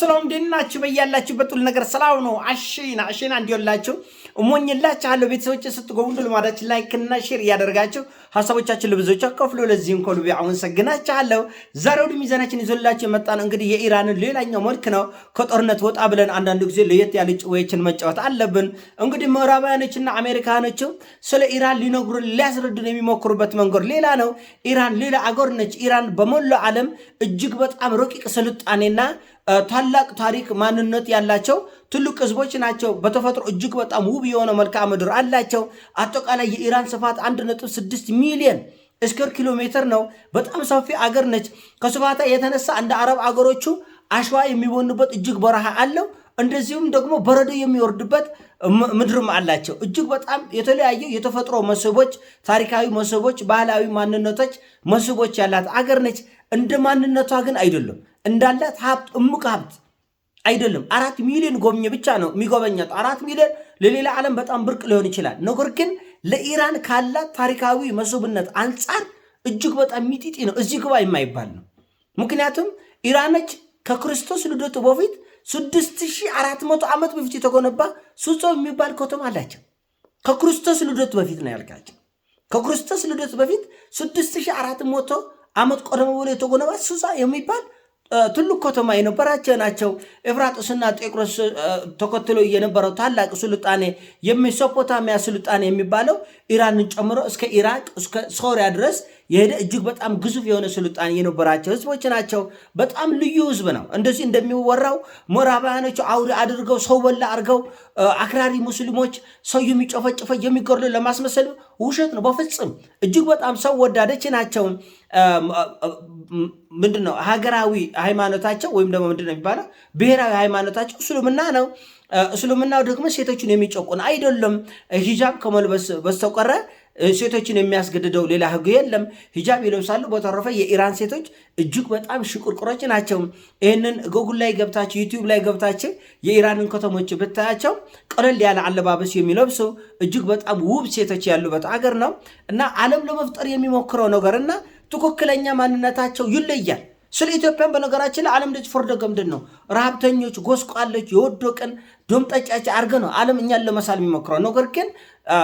ሰላም ደህና ናችሁ? በያላችሁበት ሁሉ ነገር ሰላም ነው። አሽና አሽና እሞኝላችኋለሁ። ቤተሰቦች ስትገቡ እንደ ልማዳችን ላይክና ሼር እያደረጋችሁ ሀሳቦቻችን ለብዙዎች አካፍሉ። ለዚህም ከልብ አመሰግናችኋለሁ። ዛሬ ወደ ሚዛናችን ይዞላችሁ የመጣ ነው እንግዲህ የኢራንን ሌላኛው መልክ ነው። ከጦርነት ወጣ ብለን አንዳንድ ጊዜ ለየት ያለ ጭዌችን መጫወት አለብን። እንግዲህ ምዕራባውያኖችና አሜሪካኖች ስለ ኢራን ሊነግሩ ሊያስረዱን የሚሞክሩበት መንገድ ሌላ ነው። ኢራን ሌላ አገር ነች። ኢራን በሞላ ዓለም እጅግ በጣም ረቂቅ ስልጣኔና ታላቅ ታሪክ ማንነት ያላቸው ትልቅ ህዝቦች ናቸው። በተፈጥሮ እጅግ በጣም ውብ የሆነ መልክዓ ምድር አላቸው። አጠቃላይ የኢራን ስፋት 1.6 ሚሊዮን እስከር ኪሎ ሜትር ነው። በጣም ሰፊ አገር ነች። ከስፋታ የተነሳ እንደ አረብ አገሮቹ አሸዋ የሚቦንበት እጅግ በረሃ አለው። እንደዚሁም ደግሞ በረዶ የሚወርድበት ምድርም አላቸው። እጅግ በጣም የተለያዩ የተፈጥሮ መስህቦች፣ ታሪካዊ መስህቦች፣ ባህላዊ ማንነቶች መስህቦች ያላት አገር ነች። እንደ ማንነቷ ግን አይደለም እንዳላት ሀብት እሙቅ ሀብት አይደለም። አራት ሚሊዮን ጎብኘ ብቻ ነው የሚጎበኛት። አራት ሚሊዮን ለሌላ ዓለም በጣም ብርቅ ሊሆን ይችላል። ነገር ግን ለኢራን ካላት ታሪካዊ መስህብነት አንጻር እጅግ በጣም ሚጢጢ ነው፣ እዚህ ግባ የማይባል ነው። ምክንያቱም ኢራኖች ከክርስቶስ ልደቱ በፊት 6400 ዓመት በፊት የተገነባ ሱሶ የሚባል ከተማ አላቸው። ከክርስቶስ ልደቱ በፊት ነው ያልካቸው። ከክርስቶስ ልደቱ በፊት 6400 ዓመት ቀደም ብሎ የተገነባ ሱሳ የሚባል ትልቅ ከተማ የነበራቸው ናቸው። ኤፍራጥስና ጤቅሮስ ተከትሎ የነበረው ታላቅ ስልጣኔ የሜሶፖታሚያ ስልጣኔ የሚባለው ኢራንን ጨምሮ እስከ ኢራቅ እስከ ሶሪያ ድረስ የሄደ እጅግ በጣም ግዙፍ የሆነ ስልጣኔ የነበራቸው ህዝቦች ናቸው። በጣም ልዩ ህዝብ ነው። እንደዚህ እንደሚወራው ምዕራባውያኖቹ አውሪ አድርገው ሰው በላ አድርገው አክራሪ ሙስሊሞች ሰው የሚጨፈጭፈ የሚገርሉ ለማስመሰል ውሸት ነው። በፍጹም እጅግ በጣም ሰው ወዳደች ናቸው። ምንድነው ሀገራዊ ሃይማኖታቸው ወይም ደግሞ ምንድነው የሚባለው ብሔራዊ ሃይማኖታቸው እስልምና ነው። እስልምናው ደግሞ ሴቶችን የሚጨቁን አይደለም ሂጃብ ከመልበስ በስተቀረ ሴቶችን የሚያስገድደው ሌላ ህግ የለም። ሂጃብ ይለብሳሉ። በተረፈ የኢራን ሴቶች እጅግ በጣም ሽቁርቁሮች ናቸው። ይህንን ጎጉል ላይ ገብታቸው ዩቲዩብ ላይ ገብታቸው የኢራንን ከተሞች ብታያቸው ቀለል ያለ አለባበስ የሚለብሱ እጅግ በጣም ውብ ሴቶች ያሉበት አገር ነው እና ዓለም ለመፍጠር የሚሞክረው ነገር እና ትክክለኛ ማንነታቸው ይለያል። ስለ ኢትዮጵያን በነገራችን ለዓለም ዓለም ልጅ ፍርደገ ምንድን ነው ረሃብተኞች፣ ጎስቋለች፣ የወደቅን ዶምጠጫጭ አርገ ነው ዓለም እኛን ለመሳል የሚሞክረው። ነገር ግን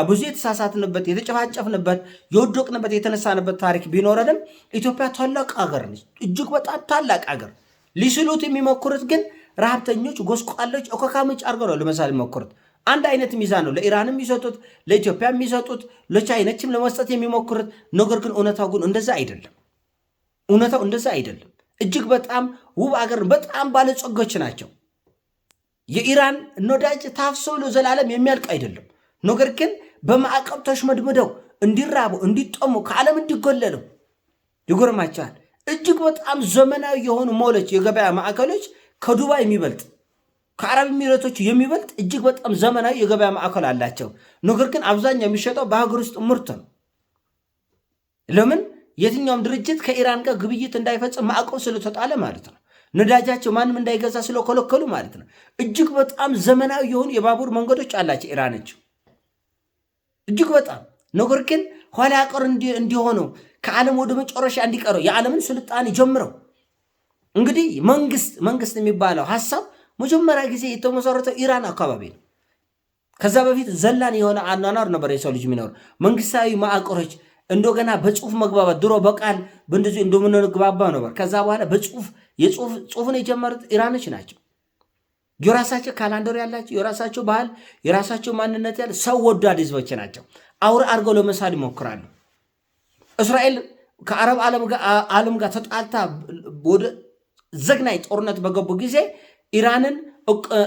ብዙ የተሳሳትንበት፣ የተጨፋጨፍንበት፣ የወደቅንበት፣ የተነሳንበት ታሪክ ቢኖረንም ኢትዮጵያ ታላቅ ሀገር ነች፣ እጅግ በጣም ታላቅ ሀገር። ሊስሉት የሚሞክሩት ግን ረሃብተኞች፣ ጎስቋለች፣ እኮካምጭ አርገ ነው ለመሳል የሚሞክሩት። አንድ አይነት ሚዛን ነው ለኢራን የሚሰጡት፣ ለኢትዮጵያ የሚሰጡት፣ ለቻይነችም ለመስጠት የሚሞክሩት። ነገር ግን እውነታው ግን እንደዛ አይደለም። እውነታው እንደዛ አይደለም። እጅግ በጣም ውብ አገር በጣም ባለጸጎች ናቸው። የኢራን ነዳጅ ታፍሶ ለዘላለም የሚያልቅ አይደለም። ነገር ግን በማዕቀብ ተሽመድምደው እንዲራቡ፣ እንዲጠሙ፣ ከዓለም እንዲጎለሉ ይጎርማቸዋል። እጅግ በጣም ዘመናዊ የሆኑ ሞሎች፣ የገበያ ማዕከሎች ከዱባይ የሚበልጥ ከአረብ ኤሚሬቶች የሚበልጥ እጅግ በጣም ዘመናዊ የገበያ ማዕከል አላቸው። ነገር ግን አብዛኛው የሚሸጠው በሀገር ውስጥ ምርት ነው። ለምን? የትኛውም ድርጅት ከኢራን ጋር ግብይት እንዳይፈጽም ማዕቀብ ስለተጣለ ማለት ነው። ነዳጃቸው ማንም እንዳይገዛ ስለከለከሉ ማለት ነው። እጅግ በጣም ዘመናዊ የሆኑ የባቡር መንገዶች አላቸው ኢራኖች እጅግ በጣም ነገር ግን ኋላ ቀር እንዲሆነው ከዓለም ወደ መጨረሻ እንዲቀረው የዓለምን ስልጣኔ ጀምረው እንግዲህ መንግስት መንግስት የሚባለው ሀሳብ መጀመሪያ ጊዜ የተመሰረተው ኢራን አካባቢ ነው። ከዛ በፊት ዘላን የሆነ አኗኗር ነበር የሰው ልጅ የሚኖር መንግስታዊ ማዕቀሮች እንደገና በጽሁፍ መግባባት ድሮ በቃል በእንደዚህ እንደምንግባባ ነበር። ከዛ በኋላ በጽሁፍ ጽሁፍን የጀመሩት ኢራኖች ናቸው። የራሳቸው ካላንደር ያላቸው የራሳቸው ባህል የራሳቸው ማንነት ያለ ሰው ወዳድ ህዝቦች ናቸው። አውር አድርገው ለመሳል ይሞክራሉ። እስራኤል ከአረብ ዓለም ጋር ተጣልታ ወደ ዘግናኝ ጦርነት በገቡ ጊዜ ኢራንን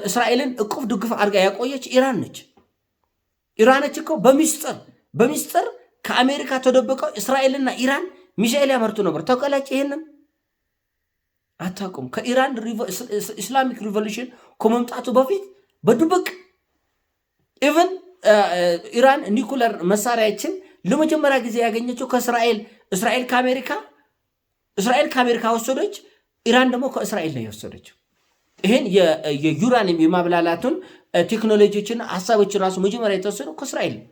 እስራኤልን እቁፍ ድግፍ አድርጋ ያቆየች ኢራን ነች። ኢራኖች እኮ በሚስጥር በሚስጥር ከአሜሪካ ተደብቀው እስራኤልና ኢራን ሚሳኤል ያመርቱ ነበር። ተቀላጭ ይሄንን አታውቁም። ከኢራን ኢስላሚክ ሪቮሉሽን ከመምጣቱ በፊት በድብቅ ኢቨን ኢራን ኒኩለር መሳሪያችን ለመጀመሪያ ጊዜ ያገኘችው ከእስራኤል እስራኤል ከአሜሪካ እስራኤል ከአሜሪካ ወሰዶች፣ ኢራን ደግሞ ከእስራኤል ነው የወሰደችው። ይህን የዩራኒየም የማብላላቱን ቴክኖሎጂዎችና ሀሳቦችን ራሱ መጀመሪያ የተወሰዱ ከእስራኤል ነው።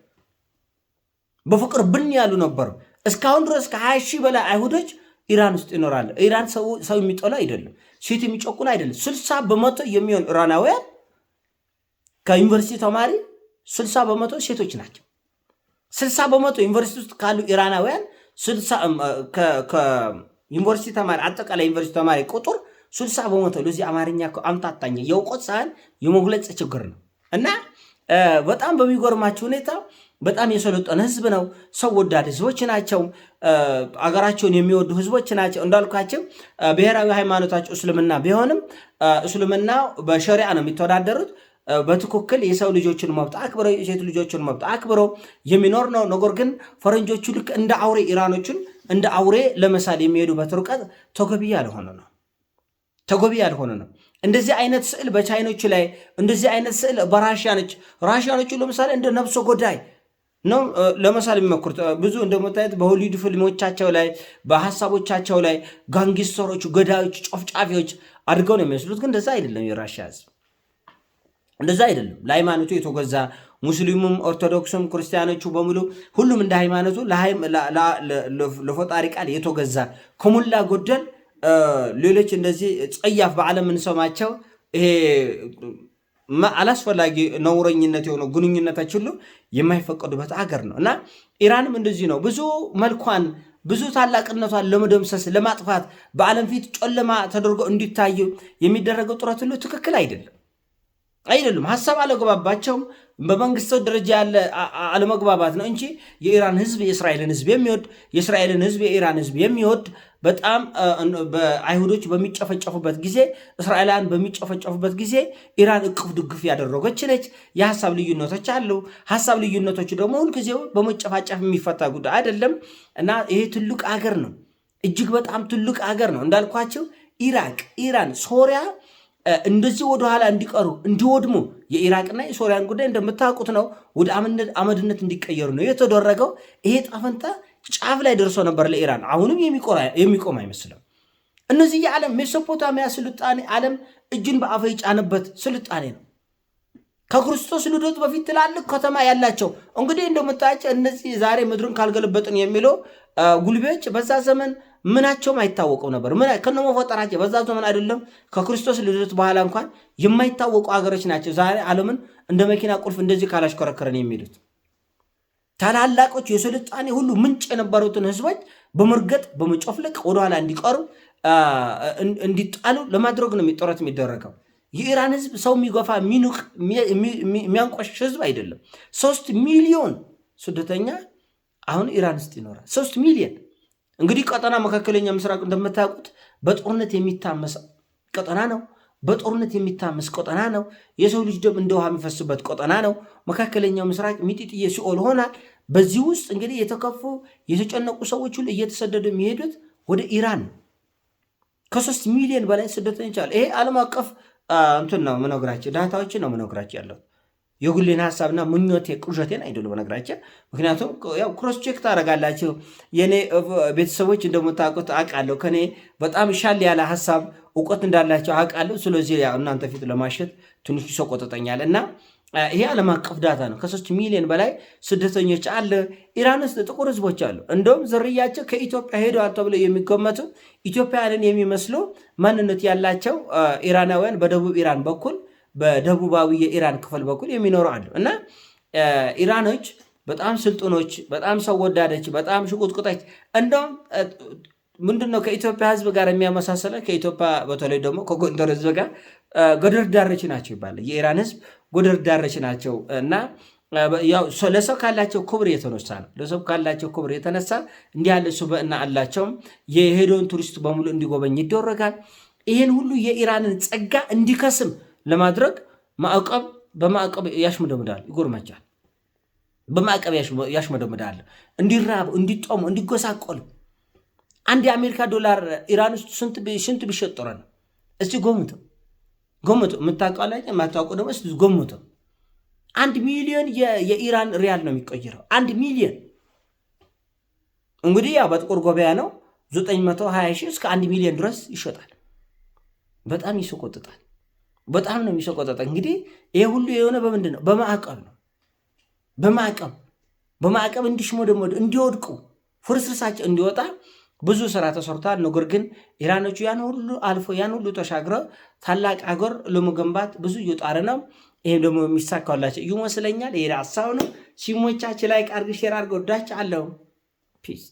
በፍቅር ብን ያሉ ነበሩ። እስካሁን ድረስ ከሀያ ሺህ በላይ አይሁዶች ኢራን ውስጥ ይኖራሉ። ኢራን ሰው የሚጠሉ አይደለም፣ ሴት የሚጨቁን አይደለም። ስልሳ በመቶ የሚሆን ኢራናውያን ከዩኒቨርሲቲ ተማሪ ስልሳ በመቶ ሴቶች ናቸው። ስልሳ በመቶ ዩኒቨርሲቲ ውስጥ ካሉ ኢራናውያን ዩኒቨርሲቲ ተማሪ አጠቃላይ ዩኒቨርሲቲ ተማሪ ቁጥር ስልሳ በመቶ ለዚህ አማርኛ አምታታኝ የእውቀት ሳህን የመግለጽ ችግር ነው እና በጣም በሚጎርማቸው ሁኔታ በጣም የሰለጠነ ህዝብ ነው። ሰው ወዳድ ህዝቦች ናቸው። አገራቸውን የሚወዱ ህዝቦች ናቸው። እንዳልኳቸው ብሔራዊ ሃይማኖታቸው እስልምና ቢሆንም እስልምና በሸሪያ ነው የሚተዳደሩት። በትክክል የሰው ልጆችን መብት አክብሮ የሴት ልጆችን መብት አክብሮ የሚኖር ነው። ነገር ግን ፈረንጆቹ ልክ እንደ አውሬ ኢራኖቹን እንደ አውሬ ለመሳል የሚሄዱበት ርቀት ተገቢ ያልሆነ ነው። ተገቢ ያልሆነ ነው። እንደዚህ አይነት ስዕል በቻይኖች ላይ እንደዚህ አይነት ስዕል በራሽያኖች ራሽያኖቹ ለምሳሌ እንደ ነብሶ ጎዳይ ነው ለመሳል የሚሞክሩት። ብዙ እንደምታዩት በሆሊውድ ፊልሞቻቸው ላይ በሀሳቦቻቸው ላይ ጋንጊስተሮቹ፣ ገዳዮች፣ ጨፍጫፊዎች አድርገው ነው የሚመስሉት። ግን እንደዛ አይደለም። የራሽያ ህዝብ እንደዛ አይደለም። ለሃይማኖቱ የተገዛ ሙስሊሙም፣ ኦርቶዶክሱም፣ ክርስቲያኖቹ በሙሉ ሁሉም እንደ ሃይማኖቱ ለፈጣሪ ቃል የተገዛ ከሙላ ጎደል ሌሎች እንደዚህ ጸያፍ በዓለም የምንሰማቸው ይሄ አላስፈላጊ ነውረኝነት የሆነ ግንኙነታችን ሁሉ የማይፈቀዱበት አገር ነው እና ኢራንም እንደዚህ ነው። ብዙ መልኳን ብዙ ታላቅነቷን ለመደምሰስ ለማጥፋት በዓለም ፊት ጨለማ ተደርጎ እንዲታዩ የሚደረገው ጥረት ሁሉ ትክክል አይደለም አይደሉም። ሀሳብ አለገባባቸውም በመንግስት ደረጃ ያለ አለመግባባት ነው እንጂ የኢራን ህዝብ የእስራኤልን ህዝብ የሚወድ የእስራኤልን ህዝብ የኢራን ህዝብ የሚወድ በጣም አይሁዶች በሚጨፈጨፉበት ጊዜ፣ እስራኤላውያን በሚጨፈጨፉበት ጊዜ ኢራን እቅፍ ድግፍ ያደረገች ነች። የሀሳብ ልዩነቶች አሉ። ሀሳብ ልዩነቶቹ ደግሞ ሁልጊዜው በመጨፋጨፍ የሚፈታ ጉዳይ አይደለም እና ይሄ ትልቅ አገር ነው። እጅግ በጣም ትልቅ አገር ነው እንዳልኳቸው ኢራቅ፣ ኢራን፣ ሶሪያ እንደዚህ ወደኋላ እንዲቀሩ እንዲወድሙ የኢራቅና የሶሪያን ጉዳይ እንደምታውቁት ነው። ወደ አመድነት እንዲቀየሩ ነው የተደረገው። ይሄ ጣፈንታ ጫፍ ላይ ደርሶ ነበር ለኢራን። አሁንም የሚቆም አይመስልም። እነዚህ የዓለም ሜሶፖታሚያ ስልጣኔ ዓለም እጅን በአፈ የጫነበት ስልጣኔ ነው። ከክርስቶስ ልደት በፊት ትላልቅ ከተማ ያላቸው እንግዲህ እንደምታያቸው እነዚህ ዛሬ ምድርን ካልገለበጥን የሚለው ጉልቤዎች በዛ ዘመን ምናቸውም አይታወቀው ነበር። ከነመፈጠራቸው በዛ ዘመን አይደለም ከክርስቶስ ልደት በኋላ እንኳን የማይታወቁ ሀገሮች ናቸው ዛሬ ዓለምን እንደ መኪና ቁልፍ እንደዚህ ካላሽከረከረን የሚሉት ታላላቆች የስልጣኔ ሁሉ ምንጭ የነበሩትን ህዝቦች በመርገጥ በመጨፍለቅ ወደኋላ እንዲቀሩ እንዲጣሉ ለማድረግ ነው ጥረት የሚደረገው። የኢራን ህዝብ ሰው የሚጎፋ የሚንቅ የሚያንቆሽሽ ህዝብ አይደለም። ሶስት ሚሊዮን ስደተኛ አሁን ኢራን ውስጥ ይኖራል። ሶስት ሚሊዮን እንግዲህ ቀጠና መካከለኛ ምስራቅ እንደምታውቁት በጦርነት የሚታመስ ቀጠና ነው። በጦርነት የሚታመስ ቀጠና ነው። የሰው ልጅ ደም እንደ ውሃ የሚፈስበት ቀጠና ነው። መካከለኛው ምስራቅ ሚጢጥዬ ሲኦል ሆናል። በዚህ ውስጥ እንግዲህ የተከፉ የተጨነቁ ሰዎች ሁሉ እየተሰደዱ የሚሄዱት ወደ ኢራን ከሶስት ሚሊዮን በላይ ስደተኞች አሉ። ይሄ ዓለም አቀፍ እንትን ነው ምነግራቸው፣ ዳታዎችን ነው ምነግራቸው ያለው የጉሌን ሀሳብና ምኞቴ ቅዠቴን አይደሉ በነገራችን። ምክንያቱም ያው ክሮስ ቼክ ታደርጋላችሁ። የኔ ቤተሰቦች እንደምታውቁት አውቃለሁ። ከኔ በጣም ሻል ያለ ሀሳብ እውቀት እንዳላቸው አውቃለሁ። ስለዚህ እናንተ ፊት ለማሸት ትንሽ ይሰቆጥጠኛል እና ይሄ ዓለም አቀፍ ዳታ ነው። ከሶስት ሚሊዮን በላይ ስደተኞች አለ። ኢራን ውስጥ ጥቁር ህዝቦች አሉ። እንደውም ዝርያቸው ከኢትዮጵያ ሄደዋል ተብሎ የሚገመቱ ኢትዮጵያውያንን የሚመስሉ ማንነት ያላቸው ኢራናውያን በደቡብ ኢራን በኩል በደቡባዊ የኢራን ክፍል በኩል የሚኖሩ አሉ እና ኢራኖች በጣም ስልጡኖች፣ በጣም ሰው ወዳደች፣ በጣም ሽቁጥቁጠች። እንደውም ምንድነው ከኢትዮጵያ ህዝብ ጋር የሚያመሳሰለ ከኢትዮጵያ በተለይ ደግሞ ከጎንደር ህዝብ ጋር ጎደር ዳረች ናቸው ይባላል። የኢራን ህዝብ ጎደር ዳረች ናቸው እና ለሰው ካላቸው ክብር የተነሳ ነው። ለሰው ካላቸው ክብር የተነሳ እንዲህ ያለ ሱብዕና አላቸውም። የሄደውን ቱሪስት በሙሉ እንዲጎበኝ ይደረጋል። ይህን ሁሉ የኢራንን ጸጋ እንዲከስም ለማድረግ ማዕቀብ በማዕቀብ ያሽመደምዳል፣ ይጎርመቻል። በማዕቀብ ያሽመደምዳል። እንዲራብ፣ እንዲጦሙ፣ እንዲጎሳቆሉ አንድ የአሜሪካ ዶላር ኢራን ውስጥ ስንት ቢሸጥ ነው? እስቲ ጎምተው ጎምቶ የምታውቀው አለ የማታውቀው ደግሞ እስኪ ጎምቶ አንድ ሚሊዮን የኢራን ሪያል ነው የሚቆይረው። አንድ ሚሊዮን እንግዲህ ያው በጥቁር ገበያ ነው 920 ሺህ እስከ አንድ ሚሊዮን ድረስ ይሸጣል። በጣም ይሰቆጥጣል። በጣም ነው የሚሰቆጥጣል። እንግዲህ ይሄ ሁሉ የሆነ በምንድን ነው? በማዕቀብ ነው። በማዕቀብ በማዕቀብ እንዲሽሞ ደግሞ እንዲወድቁ ፍርስርሳቸው እንዲወጣ ብዙ ስራ ተሰርቷል። ነገር ግን ኢራኖቹ ያን ሁሉ አልፎ ያን ሁሉ ተሻግረ ታላቅ አገር ለመገንባት ብዙ እየጣረ ነው። ይህም ደግሞ የሚሳካላቸው ይመስለኛል። ይሄ ሀሳብ ነው። ሲሞቻች ላይ ቃርግ ሼር ወዳች አለው ፒስ